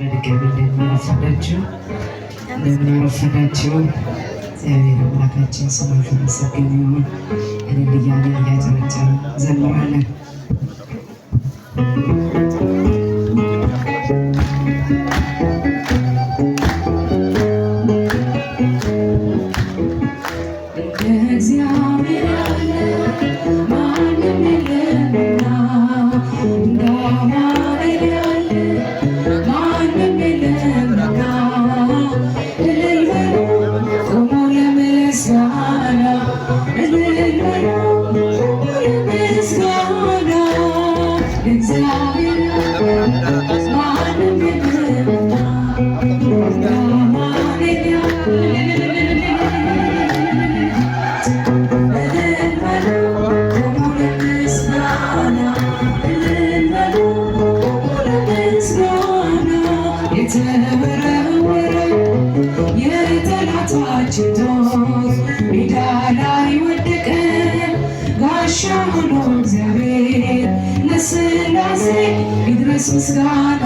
በድጋሚ እንደምን አረፈዳችሁ፣ እንደምን አረፈዳችሁ። እግዚአብሔር አምላካችን ስሙ የተመሰገነ ይሁን። እልል እያለን እያጨበጨብን ዘምራለን። Gazelle, Gazelle. Jesus, God.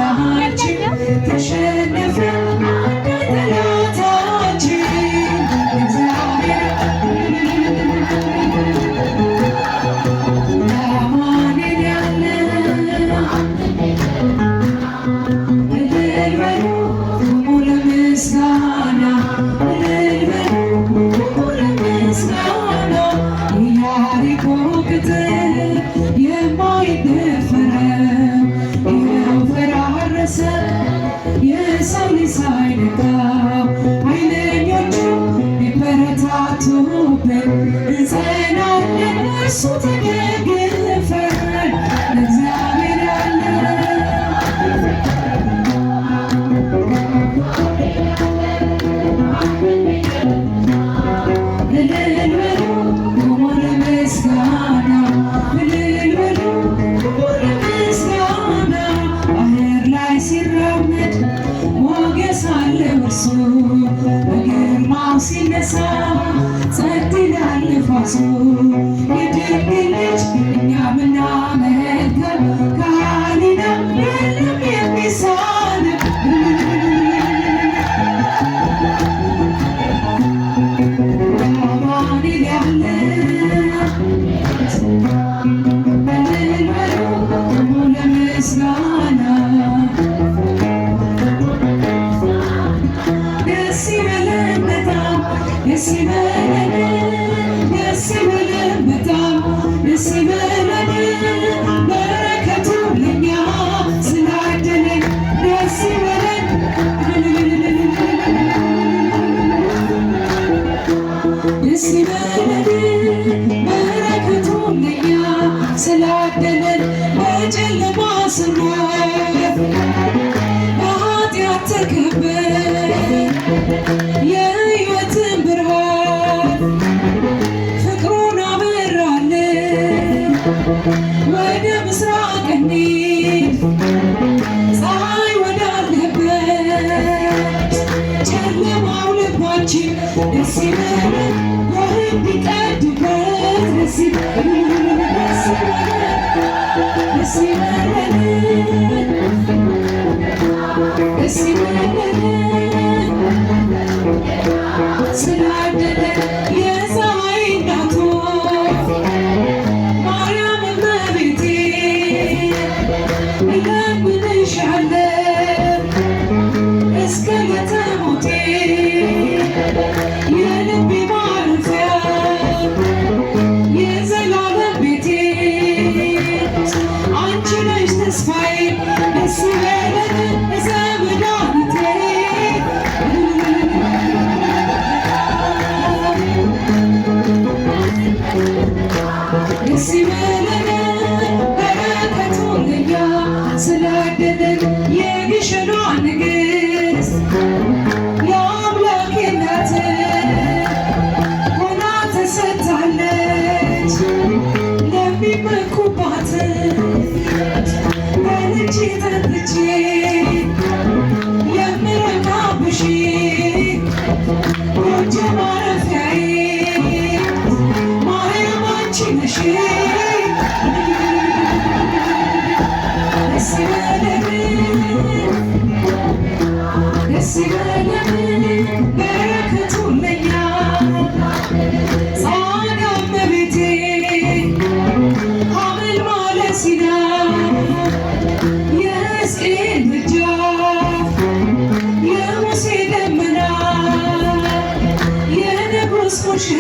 ፀሐይ ወዳለበት ጨለማው ልባችን ደስ ስላደለ የሚመኩባት በልቼ ጠጥቼ Hoş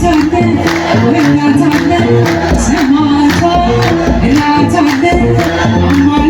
I'm not done. I'm not done. I'm not done. I'm not done.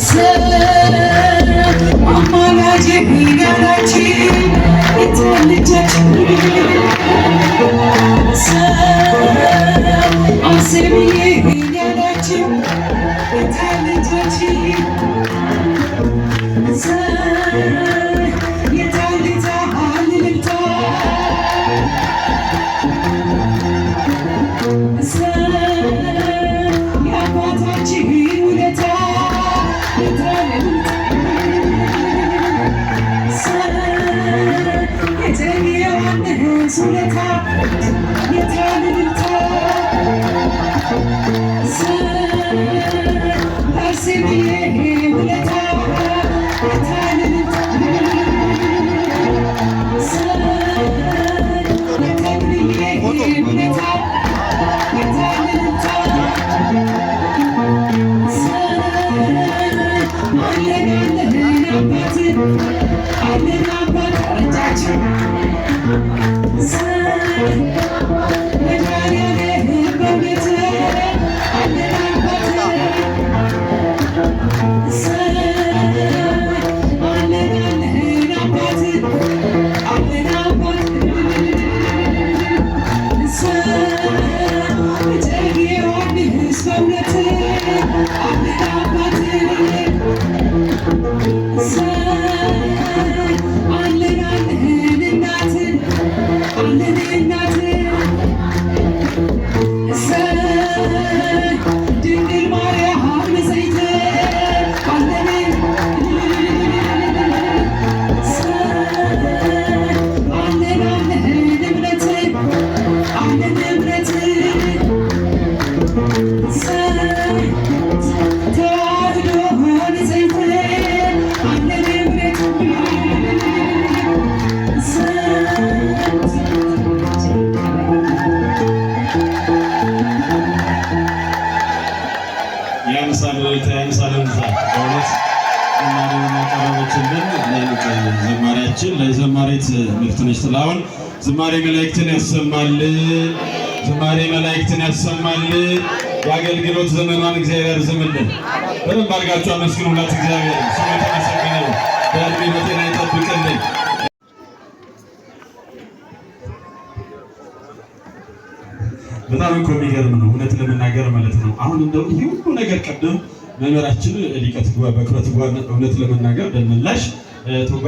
say 思念。መላእክትን ያሰማል። የአገልግሎት ዘመኗን እግዚአብሔር ያርዝምልን። በደንብ አድርጋችሁ አመስግኑላት። እግዚአብሔር ስሙ የተመሰገነ ነው። በእድሜ በጤና ይጠብቅልን። በጣም እኮ የሚገርም ነው፣ እውነት ለመናገር ማለት ነው። አሁን እንደው ይህ ሁሉ ነገር ቀደም መምህራችን ሊቀት ጓ በኩረት ጓ እውነት ለመናገር ደመላሽ ቱጋ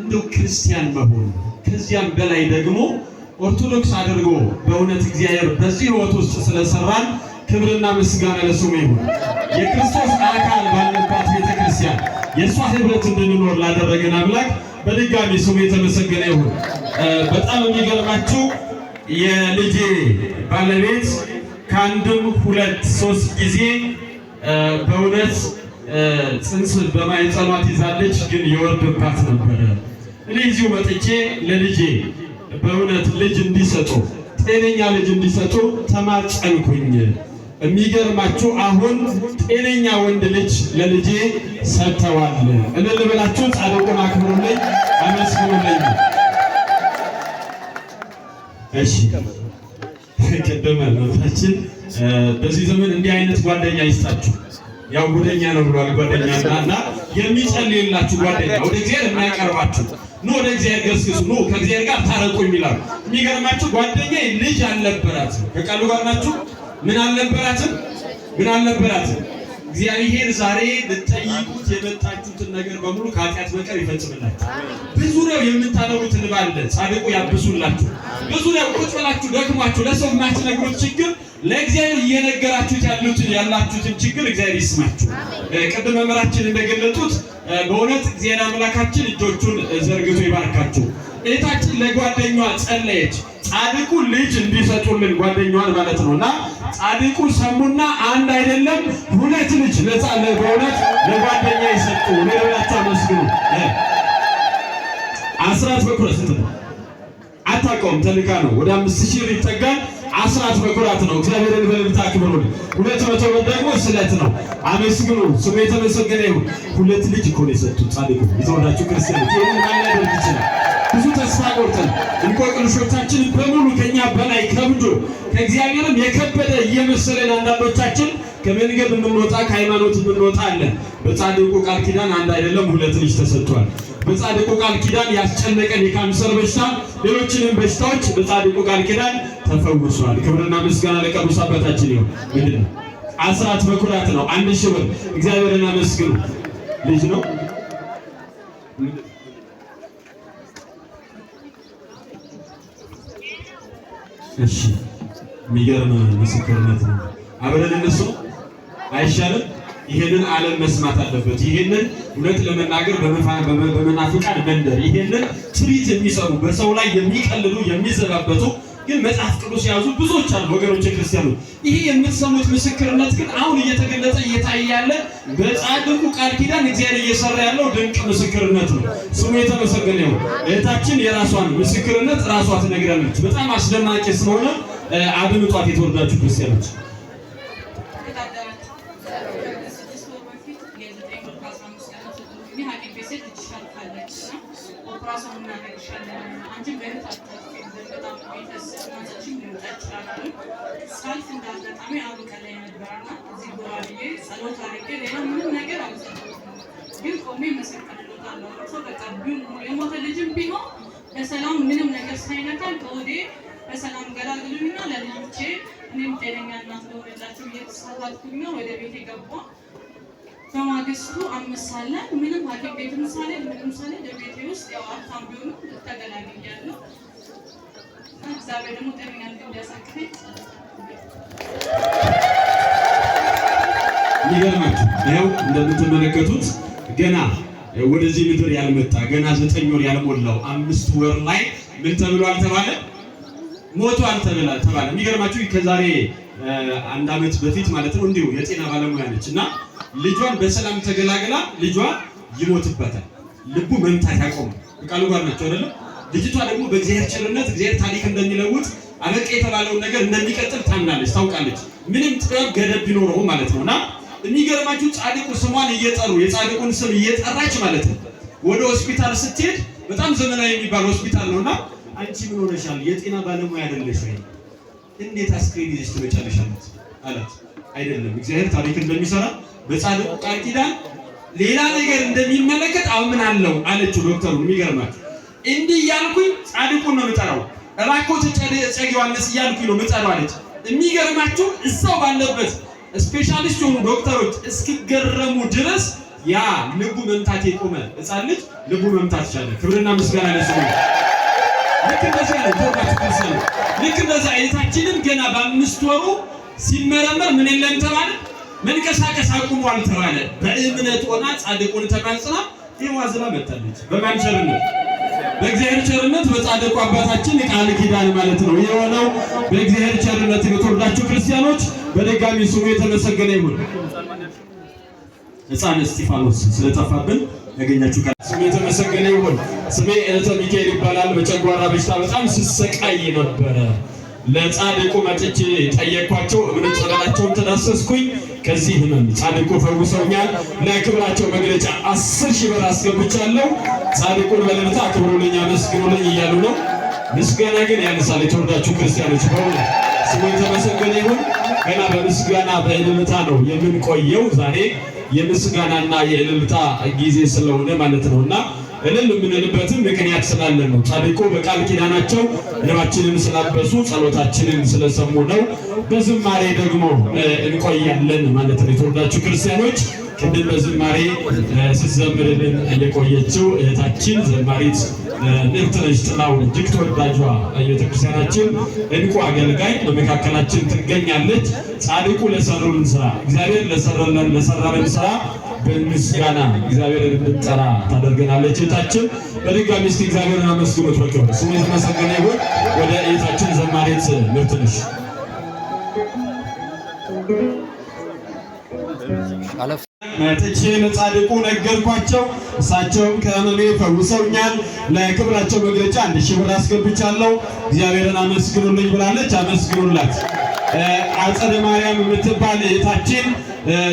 እንደው ክርስቲያን መሆን ከዚያም በላይ ደግሞ ኦርቶዶክስ አድርጎ በእውነት እግዚአብሔር በዚህ ህይወት ውስጥ ስለሰራን ክብርና ምስጋና ለስሙ ይሁን። የክርስቶስ አካል ባለባት ቤተክርስቲያን የእሷ ህብረት እንድንኖር ላደረገን አምላክ በድጋሚ ስሙ የተመሰገነ ይሁን። በጣም የሚገርማችሁ የልጄ ባለቤት ከአንድም ሁለት ሶስት ጊዜ በእውነት ጽንስ በማይጸኗት ይዛለች፣ ግን የወርድባት ነበረ። እኔ እዚሁ መጥቼ ለልጄ በእውነት ልጅ እንዲሰጡ ጤነኛ ልጅ እንዲሰጡ ተማጸንኩኝ። የሚገርማችሁ አሁን ጤነኛ ወንድ ልጅ ለልጄ ሰጥተዋል። እልል በላችሁ፣ ጻድቁን አክብሩልኝ፣ አመስግኑልኝ። እሺ ቅድመ ታችን በዚህ ዘመን እንዲህ አይነት ጓደኛ ይስጣችሁ። ያው ጉደኛ ነው ብሏል። ጓደኛ እና የሚጸልይላችሁ ጓደኛ ወደ እግዚአብሔር የሚያቀርባችሁ ኑ፣ ወደ እግዚአብሔር ገስግሱ፣ ኑ ከእግዚአብሔር ጋር ታረቁ የሚላሉ። የሚገርማችሁ ጓደኛ ልጅ አልነበራትም። ከቃሉ ጋር ናችሁ። ምን አልነበራትም? ምን አልነበራትም? እግዚአብሔር ዛሬ ልጠይቁት የመጣችሁትን ነገር በሙሉ ከኃጢአት በቀር ይፈጽምላችሁ። በዙሪያው የምታለሙትን ባለ ጻድቁ ያብሱላችሁ። በዙሪያው ቁጭ ብላችሁ ደክሟችሁ ለሰው የማትነግሩት ችግር ለእግዚአብሔር እየነገራችሁት ያሉትን ያላችሁትን ችግር እግዚአብሔር ይስማችሁ። ቅድም መምህራችን እንደገለጡት በእውነት እግዚአብሔር አምላካችን እጆቹን ዘርግቶ ይባርካችሁ። እህታችን ለጓደኛዋ ጸለየች። ጻድቁ ልጅ እንዲሰጡልን ጓደኛዋን ማለት ነው እና ጻድቁ ሰሙና አንድ አይደለም ሁለት ልጅ ለጻለ በእውነት ለጓደኛ ይሰጡ ለሌላቻ መስግኑ አስራት በኩረ ስት አታውቀውም ተልካ ነው ወደ አምስት ሺህ ይጠጋል አስራት በኩራት ነው። እግዚአብሔርን በልብታ አክብሩን። ሁለት መቶ ብር ደግሞ ስለት ነው። አመስግኑ፣ ስሙ የተመሰገነ ይሁን። ሁለት ልጅ እኮ ነው የሰጡት ጻድቁ። የተወዳችሁ ክርስቲያኖች ይህን ማን ያደርግ ይችላል? ብዙ ተስፋ ቆርጠን እንቆቅልሾቻችን በሙሉ ከኛ በላይ ከብዶ ከእግዚአብሔርም የከበደ እየመሰለን አንዳንዶቻችን ከመንገድ የምንወጣ ከሃይማኖት የምንወጣ አለን። በጻድቁ ቃል ኪዳን አንድ አይደለም ሁለት ልጅ ተሰጥቷል። በጻድቁ ቃል ኪዳን ያስጨነቀን የካንሰር በሽታ ሌሎችንም በሽታዎች በጻድቁ ቃል ኪዳን ተፈውሷል። ክብርና ምስጋና ለቅዱስ አባታችን ይሁን። ምንድን ነው አስራት በኩራት ነው። አንድ ሺህ ብር እግዚአብሔርን አመስግኑ። ልጅ ነው እሺ፣ የሚገርም ምስክርነት ነው። አብረን እንሱ አይሻልም? ይሄንን ዓለም መስማት አለበት። ይሄንን እውነት ለመናገር በመናፍቃን መንደር ይሄንን ትርኢት የሚሰሩ በሰው ላይ የሚቀልሉ የሚዘባበቱ ግን መጽሐፍ ቅዱስ የያዙ ብዙዎች አሉ ወገኖች ክርስቲያኑ። ይሄ የምትሰሙት ምስክርነት ግን አሁን እየተገለጠ እየታየ ያለ በጻድቁ ቃል ኪዳን እግዚአብሔር እየሰራ ያለው ድንቅ ምስክርነት ነው። ስሙ የተመሰገነ ይሁን። እህታችን የራሷን ምስክርነት ራሷ ትነግራለች። በጣም አስደማቂ ስለሆነ አድምጧት የተወደዳችሁ ክርስቲያኖች ግን ቆሜ መሰቀልሎታለሁ። ሰው በቃ የሞተ ልጅም ቢሆን በሰላም ምንም ነገር ሳይነካል ከወዴ በሰላም ገላግሉኝና ለልጆቼ እኔም ጤነኛ እናት ለሆነላቸው እየተሳታትኩኝ ወደ ቤት የገባ በማግስቱ አምስት ምንም ሐኪም ቤት ምሳሌ ምንም ሳለ ለቤቴ ውስጥ ያው አርታም ቢሆኑ ተገላግያለሁ። እግዚአብሔር ደግሞ ጤነኛ እንዲያሳክፈኝ ይገርማችሁ ይኸው እንደምትመለከቱት ገና ወደዚህ ምድር ያልመጣ ገና ዘጠኝ ወር ያልሞላው አምስት ወር ላይ ምን ተብሏል ተባለ? ሞቷል ተባለ። የሚገርማችሁ ከዛሬ አንድ ዓመት በፊት ማለት ነው እንዲሁ የጤና ባለሙያ ነች እና ልጇን በሰላም ተገላግላ ልጇ ይሞትበታል። ልቡ መምታት ያቆመ ቃሉ ጋር ናቸው አይደለም። ልጅቷ ደግሞ በእግዚአብሔር ቸርነት እግዚአብሔር ታሪክ እንደሚለውጥ አበቃ የተባለውን ነገር እንደሚቀጥል ታምናለች፣ ታውቃለች። ምንም ጥበብ ገደብ ቢኖረው ማለት ነው እና የሚገርማችሁ ጻድቁ ስሟን እየጠሩ የጻድቁን ስም እየጠራች ማለት ነው። ወደ ሆስፒታል ስትሄድ በጣም ዘመናዊ የሚባል ሆስፒታል ነውና አንቺ ምን ሆነሻል? የጤና ባለሙያ አይደለሽ ወይ? እንዴት አስክሬን ይዘሽ ትመጫለሽ? አላት። አይደለም እግዚአብሔር ታሪክ እንደሚሰራ በጻድቁ ቃል ኪዳን ሌላ ነገር እንደሚመለከት አምን አለው አለችው ዶክተሩ። የሚገርማችሁ እንዲህ እያልኩኝ ጻድቁን ነው የምጠራው እባክዎ ተጨ ዮሐንስ እያልኩኝ ነው የምጠራው አለች። የሚገርማችሁ እዛው ባለበት ስፔሻሊስት የሆኑ ዶክተሮች እስኪገረሙ ድረስ ያ ልቡ መምታት የቆመ ሕፃን ልጅ ልቡ መምታት ይቻላል። ክብርና ምስጋና ለሱ። ልክ እንደዛ ነው ተባችሁ ተሰለ። ልክ እንደዛ አይታችንም ገና በአምስት ወሩ ሲመረመር ምን የለም ተባለ፣ መንቀሳቀስ አቁሟል ተባለ። በእምነት ሆና ጻድቁን ተማጽና ይዋዝላ መጣለች። በማን ቸርነት? በእግዚአብሔር ቸርነት በጻድቁ አባታችን ቃል ኪዳን ማለት ነው የሆነው። በእግዚአብሔር ቸርነት የተወዳችሁ ክርስቲያኖች በደጋሚ ስሙ የተመሰገነ ይሁን። ህፃን እስጢፋኖስ ስለጠፋብን ያገኛችሁ ቃል ስሙ የተመሰገነ ይሁን። ስሜ እለተ ሚካኤል ይባላል። በጨጓራ በሽታ በጣም ስሰቃይ ነበረ። ለጻድቁ መጥቼ ጠየቅኳቸው። እምነት ጸበላቸውን ተዳሰስኩኝ። ከዚህ ህመም ጻድቁ ፈውሰውኛል። ለክብራቸው መግለጫ አስር ሺህ ብር አስገብቻለሁ። ጻድቁን በልምታ አክብሩልኝ፣ አመስግኑልኝ እያሉ ነው። ምስጋና ግን ያነሳል። የተወዳችሁ ክርስቲያኖች በሆነ ስሙ የተመሰገነ ይሁን። ገና በምስጋና በእልልታ ነው የምንቆየው። ዛሬ የምስጋናና የእልልታ ጊዜ ስለሆነ ማለት ነው እና እልል የምንልበትም ምክንያት ስላለ ነው። ጻድቁ በቃል ኪዳናቸው ልባችንን ስላበሱ ጸሎታችንን ስለሰሙ ነው። በዝማሬ ደግሞ እንቆያለን ማለት ነው። የተወዳችሁ ክርስቲያኖች ቅድም በዝማሬ ስትዘምርልን የቆየችው እህታችን ዘማሪት ጥላሁን እጅግ ተወዳጇ እንቁ አገልጋይ በመካከላችን ትገኛለች። ጻድቁ ስራ እግዚአብሔር ስራ በምስጋና ታደርገናለች። እህታችን በድጋሚ እስቲ እግዚአብሔርን አመስግኖት ስሙ የተመሰገነ ይሁን። ወደ እህታችን ዘማሪት መጥቼ ለጻድቁ ነገርኳቸው። እሳቸውም ከህመሜ ፈውሰውኛል። ለክብራቸው መግለጫ አንድ ሺህ ብር አስገብቻለሁ። እግዚአብሔርን አመስግኑልኝ ብላለች። አመስግኑላት። አጸደ ማርያም የምትባል እህታችን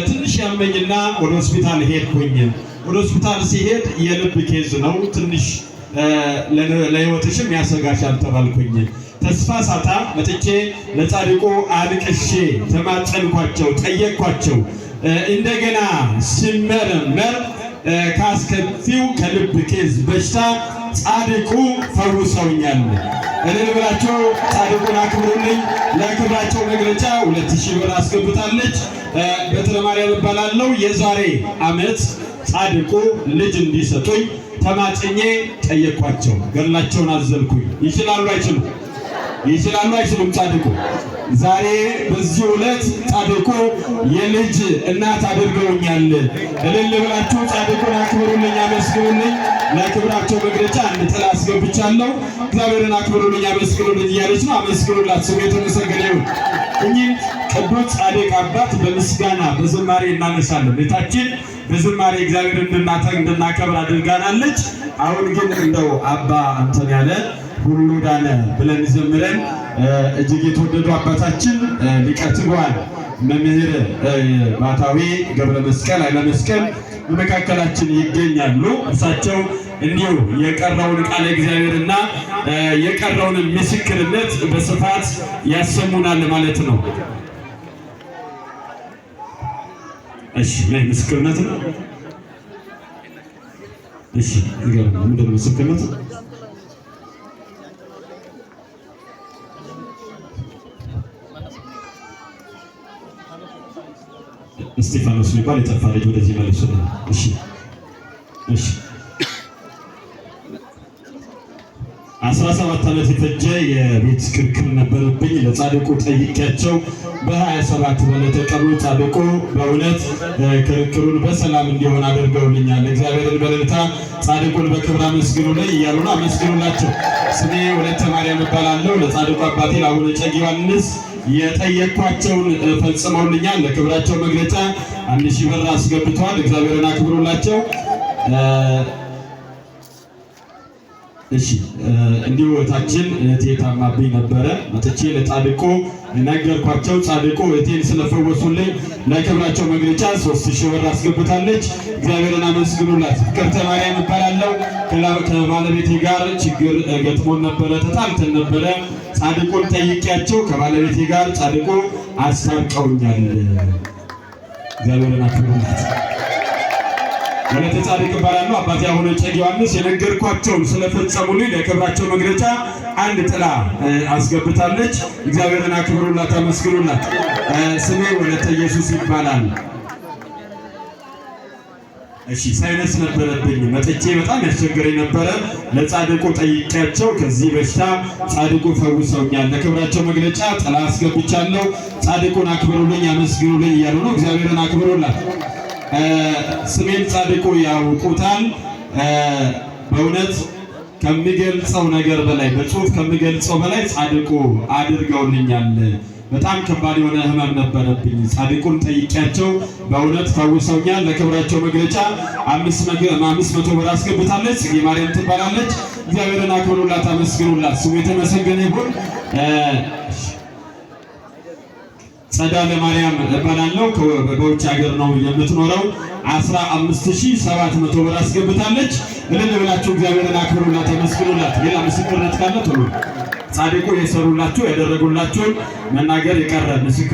ትንሽ ያመኝና ወደ ሆስፒታል ሄድኩኝ። ወደ ሆስፒታል ሲሄድ የልብ ኬዝ ነው፣ ትንሽ ለህይወትሽም ያሰጋሻል ተባልኩኝ። ተስፋ ሳታ መጥቼ ለጻድቁ አልቅሼ ተማጸንኳቸው፣ ጠየቅኳቸው። እንደገና ሲመረመር ካስከፊው ከልብ ኬዝ በሽታ ጻድቁ ፈውሰውኛል። እኔ ልብላቸው ጻድቁን አክብሩልኝ። ለክብራቸው መግለጫ ሁለት ሺህ ብር አስገብታለች። በትለማርያም ማርያም እባላለሁ። የዛሬ አመት ጻድቁ ልጅ እንዲሰጡኝ ተማጽኜ ጠየኳቸው። ገላቸውን አዘልኩኝ። ይችላሉ አይችሉም? ይችላሉ አይችሉም? ጻድቁ ዛሬ በዚህ ዕለት ጻድቁ የልጅ እናት አድርገውኛል። እልል ብላችሁ ጻድቁን አክብሩልኝ፣ አመስግኑልኝ። ለክብራቸው መግለጫ አንድ ጥላ አስገብቻለሁ። እግዚአብሔርን አክብሩልኝ፣ አመስግኑልኝ እያለች ነው። አመስግኑላት፣ ስሙ የተመሰገነ ይሁን። እኚህን ቅዱስ ጻድቅ አባት በምስጋና በዝማሬ እናነሳለን። ቤታችን በዝማሬ እግዚአብሔር እንድናከብር አድርጋናለች። አሁን ግን እንደው አባ አንተን ያለ ሁሉ ዳነ ብለን ዘምረን እጅግ የተወደዱ አባታችን ሊቀ ትጉሃን መምህር ባታዊ ገብረ መስቀል አይለ መስቀል በመካከላችን ይገኛሉ። እሳቸው እንዲሁ የቀረውን ቃለ እግዚአብሔር እና የቀረውን ምስክርነት በስፋት ያሰሙናል ማለት ነው። እሺ፣ ምስክርነት ነው። እሺ፣ ምስክርነት እስጢፋኖስ የሚባል የጠፋ ልጅ ወደዚህ መልሱ። እሺ፣ እሺ። አስራ ሰባት ዓመት የፈጀ የቤት ክርክር ነበረብኝ። ለጻድቁ ጠይቄያቸው በሀያ ሰባት በዕለተ ቀኑ ጻድቁ በእውነት ክርክሩን በሰላም እንዲሆን አድርገውልኛል። እግዚአብሔርን በልልታ ጻድቁን በክብር አመስግኑ ላይ እያሉን አመስግኑላቸው። ስሜ ወለተ ማርያም እባላለሁ። ለጻድቁ አባቴ ለአቡነ እጨጌ ዮሐንስ የጠየኳቸውን ፈጽመውልኛል። ለክብራቸው መግለጫ አንድ ሺህ ብር አስገብተዋል። እግዚአብሔርን አክብሩላቸው። እሺ እንዲሁ እህታችን እህቴ ታማብኝ ነበረ። መጥቼ ለጻድቁ ነገርኳቸው። ጻድቁ እህቴን ስለፈወሱልኝ ለክብራቸው መግለጫ ሶስት ሺህ ብር አስገብታለች። እግዚአብሔርን አመስግኑላት። ፍቅርተ ማርያም እባላለሁ። ከባለቤቴ ጋር ችግር ገጥሞን ነበረ፣ ተጣልተን ነበረ ጻድቁን ጠይቄያቸው ከባለቤቴ ጋር ጻድቁ አስታርቀውኛል። እግዚአብሔርን አክብሩላት። ወለተ ጻድቅ እባላለሁ። አባቴ አቡነ እጨጌ ዮሐንስ የነገርኳቸውን ስለፈጸሙልኝ ለክብራቸው መግለጫ አንድ ጥላ አስገብታለች። እግዚአብሔርን አክብሩላት፣ አመስግኑላት። ስሜ ወለተ ኢየሱስ ይባላል። እሺ ሳይነስ ነበረብኝ መጥቼ በጣም ያስቸገረኝ ነበረ። ለጻድቁ ጠይቄያቸው ከዚህ በሽታ ጻድቁ ፈውሰውኛል። ለክብራቸው መግለጫ ጥላ አስገብቻለሁ። ጻድቁን አክብሩልኝ፣ አመስግኑልኝ እያሉ ነው። እግዚአብሔርን አክብሩላት። ስሜን ጻድቁ ያውቁታል። በእውነት ከሚገልጸው ነገር በላይ በጽሁፍ ከሚገልጸው በላይ ጻድቁ አድርገውልኛል። በጣም ከባድ የሆነ ህመም ነበረብኝ። ጻድቁን ጠይቄያቸው በእውነት ፈውሰውኛል። ለክብራቸው መግለጫ አምስት መቶ ብር አስገብታለች። ጽጌ ማርያም ትባላለች። እግዚአብሔርን አክብሩላት፣ አመስግኑላት። ስሙ የተመሰገነ ይሁን። ጸዳለ ማርያም እባላለሁ። በውጭ ሀገር ነው የምትኖረው። አስራ አምስት ሺህ ሰባት መቶ ብር አስገብታለች። እልል ብላችሁ እግዚአብሔርን አክብሩላት፣ አመስግኑላት። ሌላ ምስክርነት ካለ ጥሩ ጻድቁ የሰሩላችሁ ያደረጉላችሁን መናገር የቀረ ምስክር